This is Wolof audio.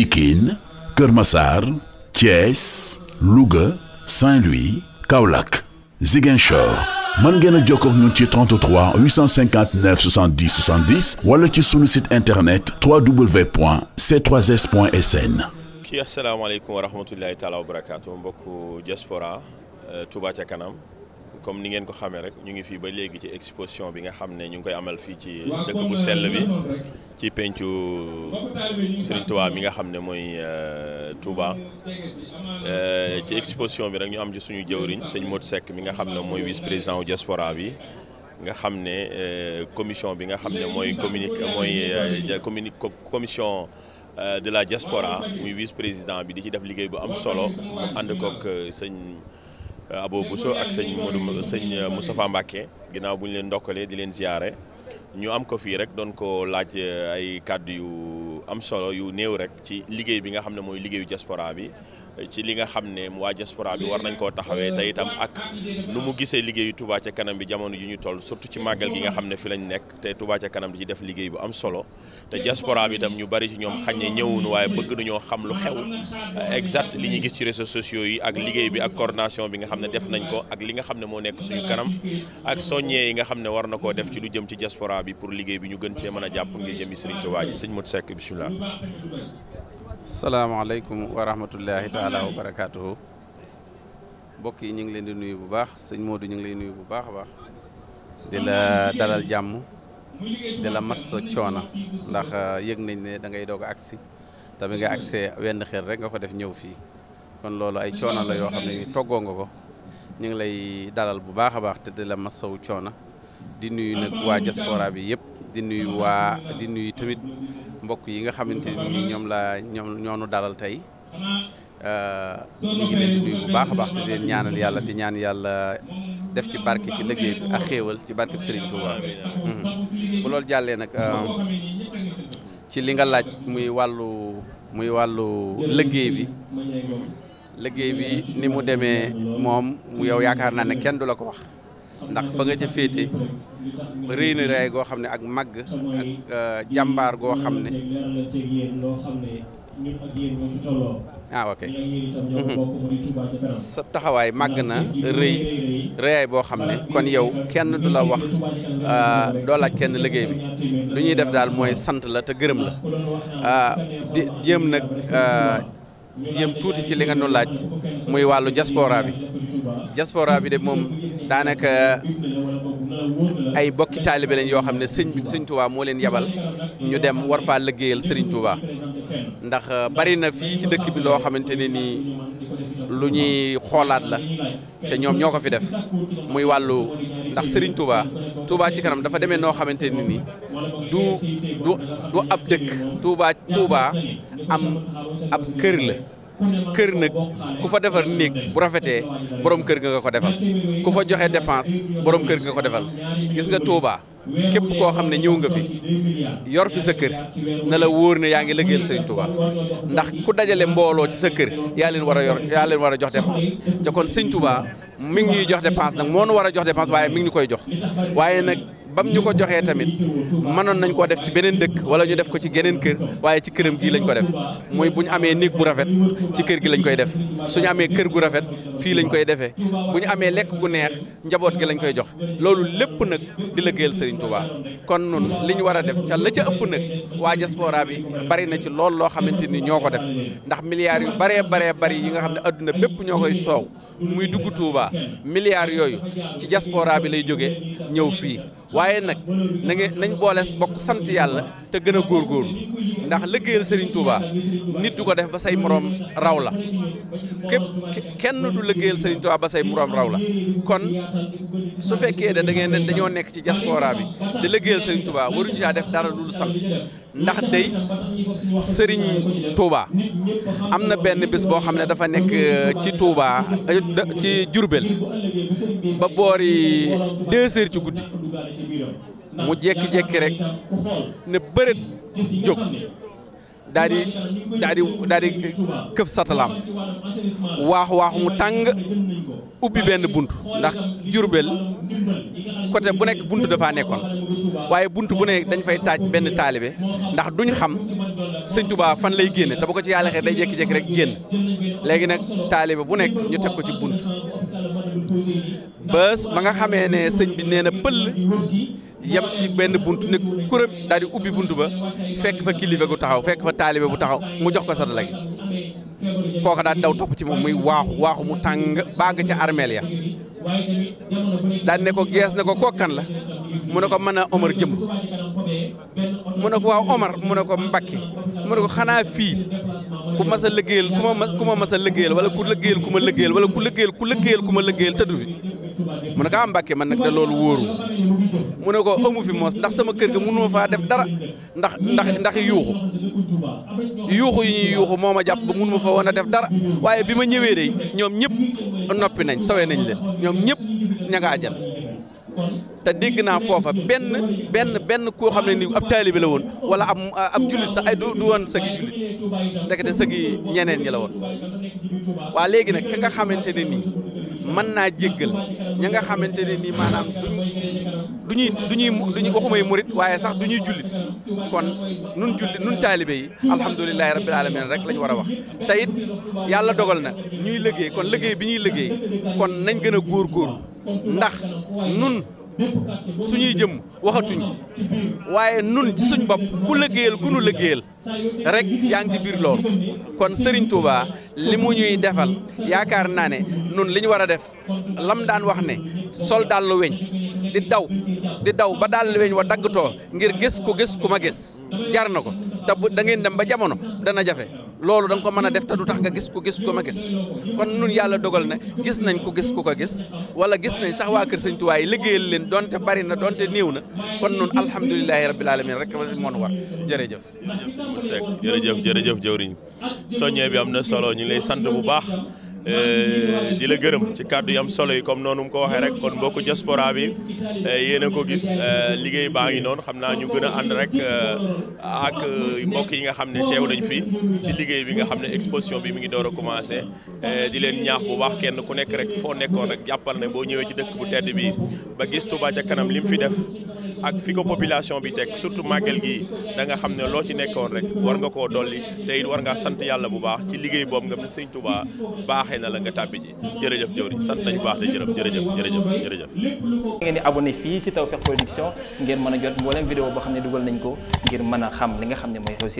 Pikine Kër Massar Thiès Louga Saint-Louis Kaolack Ziguinchor mën ngeen a jokkoo ak ñun ci 33 859 70 70 wala ci sunu site internet www.c3s.sn. kii asalaamaaleykum wa rahmatullahi taala wa barakaatu mbokku diaspora euh, Touba ca kanam. comme ni ngeen ko xamee rek ñu ngi fii ba léegi ci exposition bi nga xam ne ñu ngi koy amal fii ci dëkk bu sell bi ci pencu Serigne Touba mi nga xam ne mooy euh, Touba euh, ci exposition bi rek ñu am suñu jëwriñ sëñ Modou Seck mi nga xam ne mooy vice président wu bi nga xam ne euh, commission bi nga xam ne mooy communique mooy commission de la jaspora muy vice président bi di ci def liggéey bu am solo mu ànd kook sëñ Euh, Abo Bousso ak sëñ Modou sëñ euh, Moustapha ginnaaw bu ñu leen ndokkalee di leen ziyaare ñu am ko fii rek doon ko laaj euh, ay kàddu yu am solo yu néew rek ci liggéey bi nga xam ne mooy liggéeyu diaspora bi ci li nga xam ne waa diaspora bi war nañ koo taxawee te itam ak nu mu gisee liggéeyu tubaa ca kanam bi jamono yi ñu toll surtout ci màggal gi nga xam ne fi lañu nekk te Touba ca kanam di ci def liggéey bu am solo te diaspora bi ñu bari ci ñoom xañ ne ñëwuñu waaye bëgg nañoo xam lu xew exact li ñu gis ci réseaux sociaux yi ak liggéey bi ak cordination bi nga xam ne def nañ ko ak li nga xam ne moo nekk suñu kanam ak soññee yi nga xam ne war na koo def ci lu jëm ci diaspora bi pour liggéey bi ñu gën cee mën a jàpp ngir jëmi Serigne Touba ji sëñ Modou Seck bismillah salaamaaleykum wa rahmatullahi taala wa barakaatuhu mbokk yi ñu ngi leen di nuyu bu baax sëñ Modou ñu ngi lay nuyu bu baax a baax di la dalal jàmm di la mas coona ndax uh, yëg nañ ne dangay ngay doog agsi tamit nga agsee wenn xel rek nga ko def ñëw fii kon loolu ay coona la yoo xam ne toggoo nga ko ñu ngi lay dalal bu baax a baax te di la masawu coona di nuyu nag waa diaspora bi yëpp di nuyu waa di nuyu tamit bokk yi nga xamante ñoom laa ñoom ñoonu dalal tey euh, ñu bu baax a baax te leen ñaanal yàlla di ñaan yàlla def ci barke ci liggéey bi ak xéewal ci barke bi Serigne Touba mhm. bu loolu jàllee nag euh, ci li nga laaj muy wàllu muy wàllu liggéey bi liggéey bi ni mu demee moom mu yow yaakaar naa ne kenn du la ko wax ndax fa nga ca féete réy na raay goo xam ne ak màgg ak euh, jàmbaar goo xam ne ah ok mm-hmm. sa taxawaay màgg na rëy rëyaay boo xam ne kon yow kenn du la wax euh, doo laaj kenn liggéey bi lu ñuy def daal mooy sant la te gërëm la ah, di jéem nag euh, jéem tuuti ci li nga nu laaj muy wàllu diaspora bi diaspora bi de moom daanaka ay bokki taalibe lañ yoo xam ne sëñ sëñ Touba moo leen yabal ñu dem war faa liggéeyal sëriñ Touba ndax euh, bari na fii ci dëkk bi loo xamante ne nii lu ñuy xoolaat la te ñoom ñoo ko fi def muy wàllu ndax sëriñ Touba Touba ci kanam dafa demee noo xamante ne nii du du du ab dëkk Touba Touba am ab kër la. kër nag ku fa defar néeg bu rafetee borom kër nga ko defal ku fa joxe dépense borom kër nga ko defal gis nga Touba képp koo xam ne ñëw nga fi yor fi sa kër na la wóor ne yaa ngi lëggeel sëñ Touba ndax ku dajale mbooloo ci sa kër yaa leen war a yor yaa leen war a jox dépense te kon Sëriñ Touba ñuy jox dépense nag moo nu war a jox dépense waaye mi ngi ñu koy jox waaye nag. bam ñu ko joxee tamit mënoon nañ koo def ci beneen dëkk wala ñu def ko ci geneen kër waaye ci këram gii lañ ko def muy bu ñu amee néeg bu rafet ci kër gi lañ koy def suñu amee kër gu rafet fii lañ koy defee bu ñu amee lekk gu neex njaboot gi lañ koy jox loolu lépp nag di liggéeyal Serigne Touba kon nun li ñu war a def ca la ca ëpp nag waa diaspora bi bari na ci lool loo xamante ni ñoo ko def ndax milliards yu baree baree bari yi nga xam ne adduna bépp ñoo koy soow muy dugg Touba milliards yooyu ci diaspora bi lay jóge ñëw fii waaye nag nange ngeen nañ boole bokk sant yàlla te gën a góor góorgóorlu ndax liggéeyal sëriñ Touba nit du ko def ba say moroom raw la képp kenn du liggéeyal Serigne Touba ba say moroom raw la kon su fekkee da ngeen ne dañoo nekk ci diaspora bi di liggéeyal Serigne Touba waruñu caa def dara du dul sant ndax day Serigne Touba am na benn bis boo xam ne dafa nekk uh, ci Touba uh, ci Diourbel ba boori deux ci guddi. mu jekki-jekki rek ne bëreet jóg daa di daa di këf satalaam waaxu waaxu mu tàng ubbi benn bunt ndax Jurbel côté bu nekk bunt dafaa nekkoon waaye bunt bu nekk dañ fay taaj benn taalibe ndax duñ xam sëñ Tuubaa fan lay génne te ko ci yàlla xee day jékki-jékki rek génn léegi nag taalibe bu nekk ñu teg ko ci bunt bés ba nga xamee ne sëñ bi nee na pël yam ci benn bunt ne kuréel daal di ubbi bunt ba fekk fa kilifa gu taxaw fekk fa taalibe bu taxaw mu jox ko satala gi kooka daal daw topp ci moom muy waaxu waaxu mu tàng bàgg ca armeel ya daal ne ko gees ne ko kokkan la mu ne ko mën a Omar jëm mu ne ko waaw Omar mu ne ko mbakki mu ne ko xanaa fii ku masa a liggéeyal ku ma mas ku ma mas a liggéeyal wala ku liggéeyal ku ma liggéeyal wala ku liggéeyal ku liggéeyal ku ma liggéeyal tëddu fi mu ne ko ah Mbacke man nag de loolu wóoru mu ne ko amu fi moos ndax sama kër ga mënu faa def dara ndax ndax ndax yuuxu yuuxu yi ñuy yuuxu moo ma jàpp mënu ma fa woon a def dara waaye bi ma ñëwee de ñoom ñëpp noppi nañ sawee nañ leen ñoom ñëpp ña te dégg naa foofa benn benn benn koo xam ne nii ab taalibe la woon wala ab ab jullit sax ay du du woon sëgi jullit ndekete sëgi ñeneen ñi la woon waa léegi nag ka nga xamante ne nii mën naa jéggal ña nga xamante ne nii maanaam du ñuy du ñuy du ñuy waxumay murit waaye sax du ñuy jullit kon nun jullit nun taalibe yi alhamdulilahi rabbil alamin rek lañu war a wax te yàlla dogal na ñuy liggéey kon liggéey bi ñuy liggéey kon nañ gën a góor góor ndax nun suñuy jëm waxatuñ waaye nun ci suñ bopp ku liggéeyal ku nu liggéeyal rek yaa ngi ci biir loolu kon Serigne Touba li mu ñuy defal yaakaar naa ne nun li ñu war a def lam daan wax ne sol dàllu weñ di daw di daw ba dàll weñ wa daggatoo ngir gis ku gis ku ma gis jar na ko te bu da ngeen dem ba jamono dana jafe loolu danga ko mën a def te du tax nga gis ku gis ku ma gis kon nun yàlla dogal na gis nañ ku gis ku ko gis wala gis nañ sax waa kër sëñ Tuubaa liggéeyal leen donte bari na donte néew na kon nun alhamdulilahi rabbil alamin rek moon war jërëjëf jërëjëf jërëjëf jëwriñ soññee bi am na solo ñu lay sant bu baax Euh, di la gërëm ci kàddu yam solo yi comme noonu mu ko waxee rek kon mbokk diaspora bi euh, yéen a ko gis euh, liggéey baa ngi noonu xam naa ñu gën a ànd rek ak mbokk yi nga xam ne teew nañ fi ci liggéey bi nga xam ne exposition bi mi ngi door a commencé di leen ñaax bu baax kenn ku nekk rek foo nekkoon rek jàppal ne boo ñëwee ci dëkk bu tedd bi ba gis Touba ca kanam li mu fi def ak fi ko population bi teg surtout màggal gi da nga xam ne loo ci nekkoon rek war nga koo dolli te it war ngaa sant yàlla bu baax ci liggéey boobu nga xam ne sëñ Touba baaxee na la nga tàbbi ci jërëjëf jëwriñ sant nañu baax de jërëjëf jërëjëf jërëjëf jërëjëf ngeen di abonné fii ci Tawfekh Production ngeen mën a jot mboolem vidéo boo xam ne dugal nañ ko ngir mën a xam li nga xam ne mooy